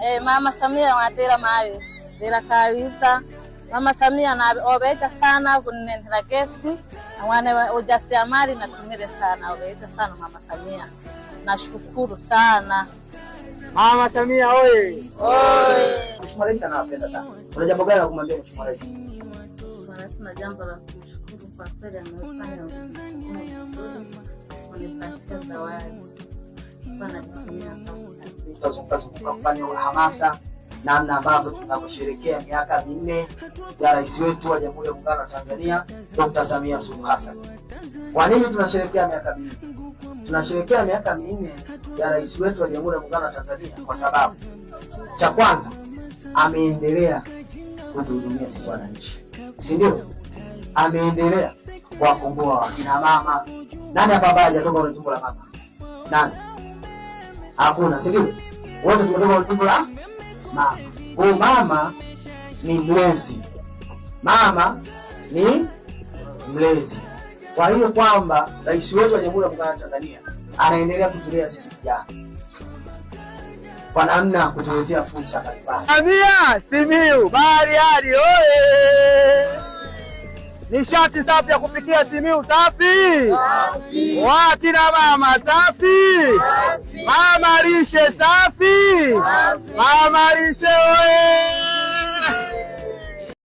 eh, mama Samia watela mayo dela kawisa mama Samia na obeja sana kunenthera gesi mwana wa ujasiriamali natumire sana obeja sana mama Samia nashukuru sana Mama Samia oye. Oye. Mheshimiwa Rais anawapenda sana. Kuna jambo gani la kumwambia Mheshimiwa Rais? Mheshimiwa jambo la kumshukuru kwa kweli amefanya. Amepatia zawadi tutazungukazunguka namna ambavyo tunavyosherekea miaka minne ya rais wetu wa Jamhuri ya Muungano wa Tanzania Dr. Samia Suluhu Hassan. Kwa nini tunasherekea miaka minne? Tunasherekea miaka minne ya rais wetu wa Jamhuri ya Muungano wa Tanzania kwa sababu cha kwanza ameendelea kutuhudumia sisi wananchi, si ndio? Ameendelea kuwakomboa wakina mama. Nani hapa ambaye hajatoka kwenye tumbo la mama? Nani? hakuna, si ndio? Wote tumetoka tumbo la mama. Kwa mama ni mlezi, mama ni mlezi. Kwa hiyo kwamba rais wetu wa Jamhuri ya Muungano wa Tanzania anaendelea kutulea sisi vijana kwa namna kutuletea fursa mbalimbali. Samia Simiyu hadi oye! Nishati safi ya kupikia Simiu safi, safi. Wakina mama safi, safi. Mama lishe safi, mama lishe